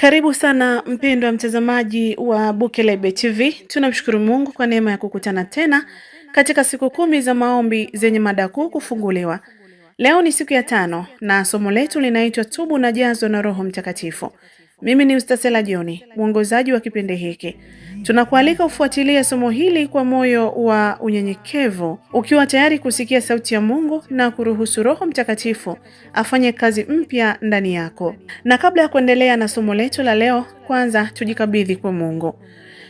Karibu sana mpendwa mtazamaji wa Bukelebe TV. Tunamshukuru Mungu kwa neema ya kukutana tena katika siku kumi za maombi zenye mada kuu kufunguliwa. Leo ni siku ya tano na somo letu linaitwa Tubu na jazo na Roho Mtakatifu. Mimi ni ustasela Joni, mwongozaji wa kipindi hiki. Tunakualika ufuatilie somo hili kwa moyo wa unyenyekevu, ukiwa tayari kusikia sauti ya Mungu na kuruhusu Roho Mtakatifu afanye kazi mpya ndani yako. Na kabla ya kuendelea na somo letu la leo, kwanza tujikabidhi kwa Mungu.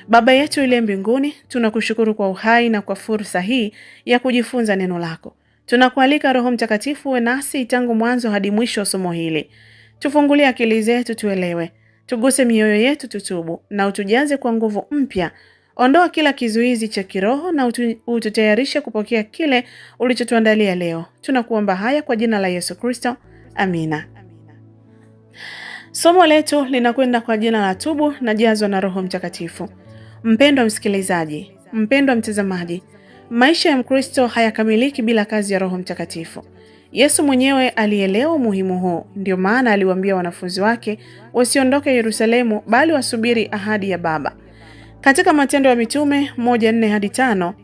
Baba yetu uliye mbinguni, tunakushukuru kwa uhai na kwa fursa hii ya kujifunza neno lako. Tunakualika Roho Mtakatifu uwe nasi tangu mwanzo hadi mwisho wa somo hili. Tufungulie akili zetu tuelewe, Tuguse mioyo yetu, tutubu na utujaze kwa nguvu mpya. Ondoa kila kizuizi cha kiroho na ututayarishe kupokea kile ulichotuandalia leo. Tunakuomba haya kwa jina la Yesu Kristo, amina. Somo letu linakwenda kwa jina la tubu na jazwa na Roho Mtakatifu. Mpendwa msikilizaji, mpendwa mtazamaji, maisha ya Mkristo hayakamiliki bila kazi ya Roho Mtakatifu. Yesu mwenyewe alielewa umuhimu huu, ndio maana aliwaambia wanafunzi wake wasiondoke Yerusalemu, bali wasubiri ahadi ya Baba. Katika Matendo ya Mitume moja nne hadi tano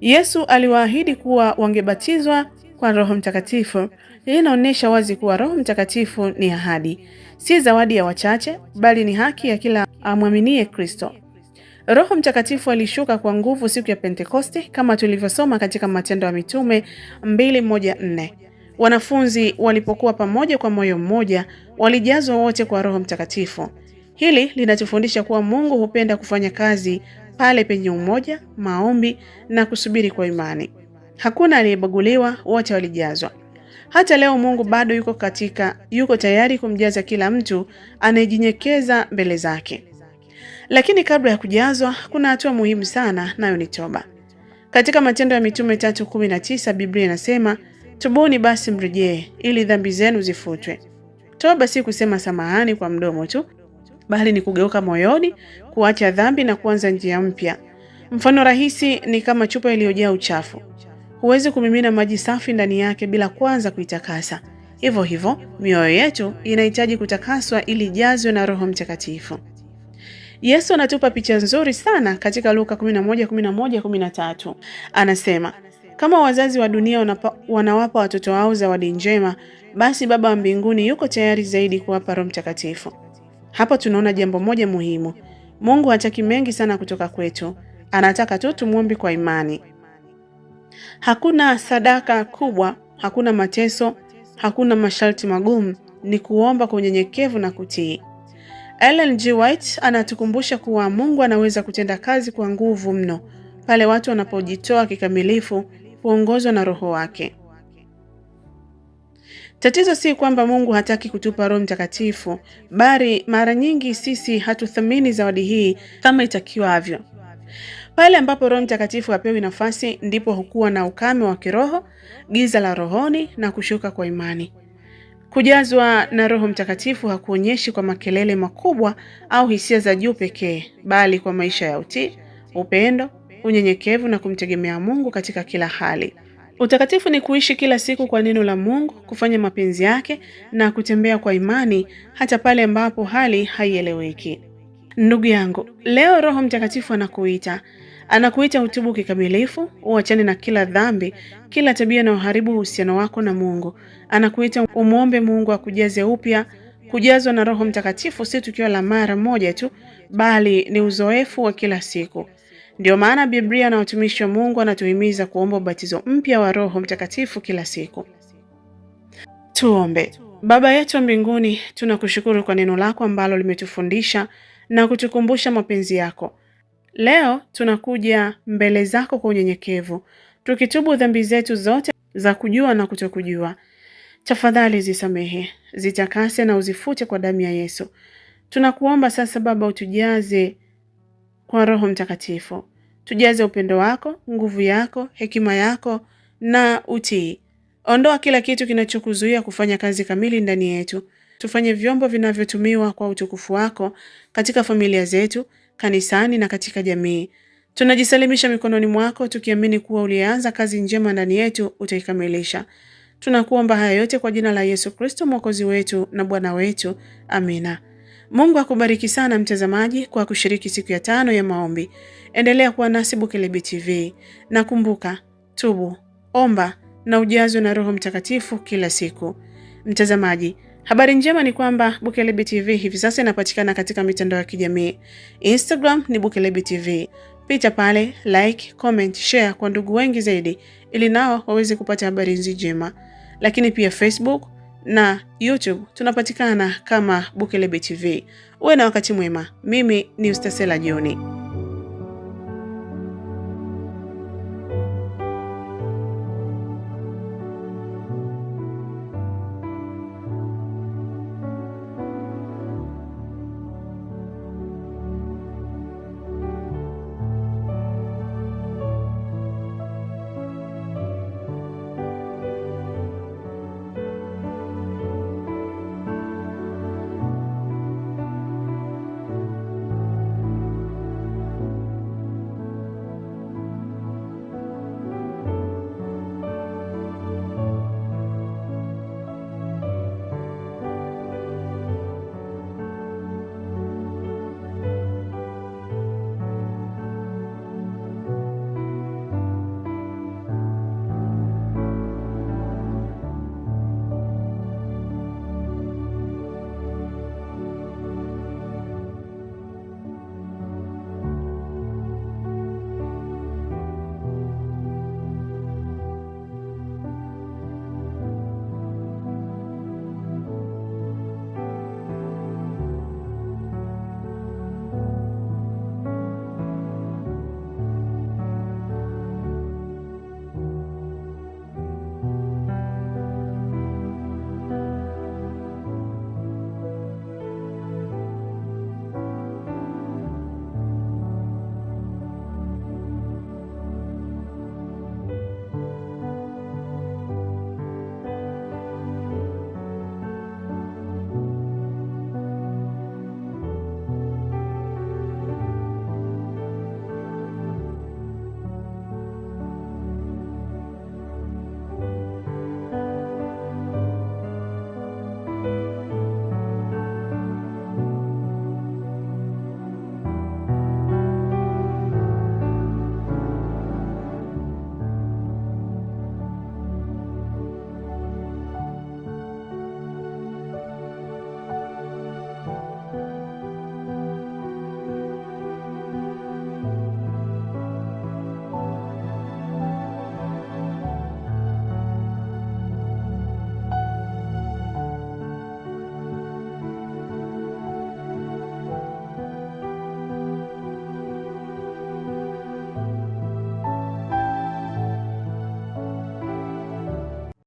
Yesu aliwaahidi kuwa wangebatizwa kwa Roho Mtakatifu. Hii inaonyesha wazi kuwa Roho Mtakatifu ni ahadi, si zawadi ya wachache, bali ni haki ya kila amwaminie Kristo. Roho Mtakatifu alishuka kwa nguvu siku ya Pentekoste kama tulivyosoma katika Matendo ya Mitume mbili moja nne. Wanafunzi walipokuwa pamoja kwa moyo mmoja, walijazwa wote kwa Roho Mtakatifu. Hili linatufundisha kuwa Mungu hupenda kufanya kazi pale penye umoja, maombi na kusubiri kwa imani. Hakuna aliyebaguliwa, wote walijazwa. Hata leo Mungu bado yuko katika, yuko tayari kumjaza kila mtu anayejinyekeza mbele zake. Lakini kabla ya kujazwa kuna hatua muhimu sana, nayo ni toba. Katika Matendo ya Mitume tatu kumi na tisa Biblia inasema Tubuni basi mrejee, ili dhambi zenu zifutwe. Toba si kusema samahani kwa mdomo tu, bali ni kugeuka moyoni, kuacha dhambi na kuanza njia mpya. Mfano rahisi ni kama chupa iliyojaa uchafu. Huwezi kumimina maji safi ndani yake bila kwanza kuitakasa. Hivyo hivyo mioyo yetu inahitaji kutakaswa ili ijazwe na Roho Mtakatifu. Yesu anatupa picha nzuri sana katika Luka 11:11-13. Anasema, kama wazazi wa dunia wanapa, wanawapa watoto wao zawadi njema, basi Baba wa mbinguni yuko tayari zaidi kuwapa Roho Mtakatifu. hapo tunaona jambo moja muhimu: Mungu hataki mengi sana kutoka kwetu, anataka tu tumwombe kwa imani. Hakuna sadaka kubwa, hakuna mateso, hakuna masharti magumu, ni kuomba kwa unyenyekevu na kutii. Ellen G. White anatukumbusha kuwa Mungu anaweza kutenda kazi kwa nguvu mno pale watu wanapojitoa kikamilifu huongozwa na Roho wake. Tatizo si kwamba Mungu hataki kutupa Roho Mtakatifu, bali mara nyingi sisi hatuthamini zawadi hii kama itakiwavyo. Pale ambapo Roho Mtakatifu hapewi nafasi, ndipo hukuwa na ukame wa kiroho, giza la rohoni na kushuka kwa imani. Kujazwa na Roho Mtakatifu hakuonyeshi kwa makelele makubwa au hisia za juu pekee, bali kwa maisha ya utii, upendo, unyenyekevu na kumtegemea Mungu katika kila hali. Utakatifu ni kuishi kila siku kwa neno la Mungu, kufanya mapenzi yake na kutembea kwa imani hata pale ambapo hali haieleweki. Ndugu yangu, leo Roho Mtakatifu anakuita. Anakuita utubu kikamilifu, uachane na kila dhambi, kila tabia inayoharibu uhusiano wako na Mungu. Anakuita umwombe Mungu akujaze upya. Kujazwa na Roho Mtakatifu si tukio la mara moja tu, bali ni uzoefu wa kila siku. Ndiyo maana Biblia na watumishi wa Mungu anatuhimiza kuomba ubatizo mpya wa Roho Mtakatifu kila siku. Tuombe. Baba yetu wa mbinguni, tunakushukuru kwa neno lako ambalo limetufundisha na kutukumbusha mapenzi yako. Leo tunakuja mbele zako kwa unyenyekevu, tukitubu dhambi zetu zote za kujua na kutokujua. Tafadhali zisamehe, zitakase na uzifute kwa damu ya Yesu. Tunakuomba sasa Baba, utujaze kwa Roho Mtakatifu. Tujaze upendo wako, nguvu yako, hekima yako na utii. Ondoa kila kitu kinachokuzuia kufanya kazi kamili ndani yetu. Tufanye vyombo vinavyotumiwa kwa utukufu wako katika familia zetu, kanisani na katika jamii. Tunajisalimisha mikononi mwako tukiamini kuwa uliyeanza kazi njema ndani yetu utaikamilisha. Tunakuomba haya yote kwa jina la Yesu Kristo mwokozi wetu na Bwana wetu. Amina. Mungu akubariki sana mtazamaji kwa kushiriki siku ya tano ya maombi. Endelea kuwa nasi Bukelebe TV, na kumbuka, tubu, omba na ujazwe na Roho Mtakatifu kila siku. Mtazamaji, habari njema ni kwamba Bukelebe TV hivi sasa inapatikana katika mitandao ya kijamii. Instagram ni Bukelebe TV, pita pale, like, comment, share kwa ndugu wengi zaidi, ili nao waweze kupata habari hizi njema, lakini pia Facebook na YouTube tunapatikana kama Bukelebe TV. Uwe na wakati mwema. Mimi ni Ustasela Joni.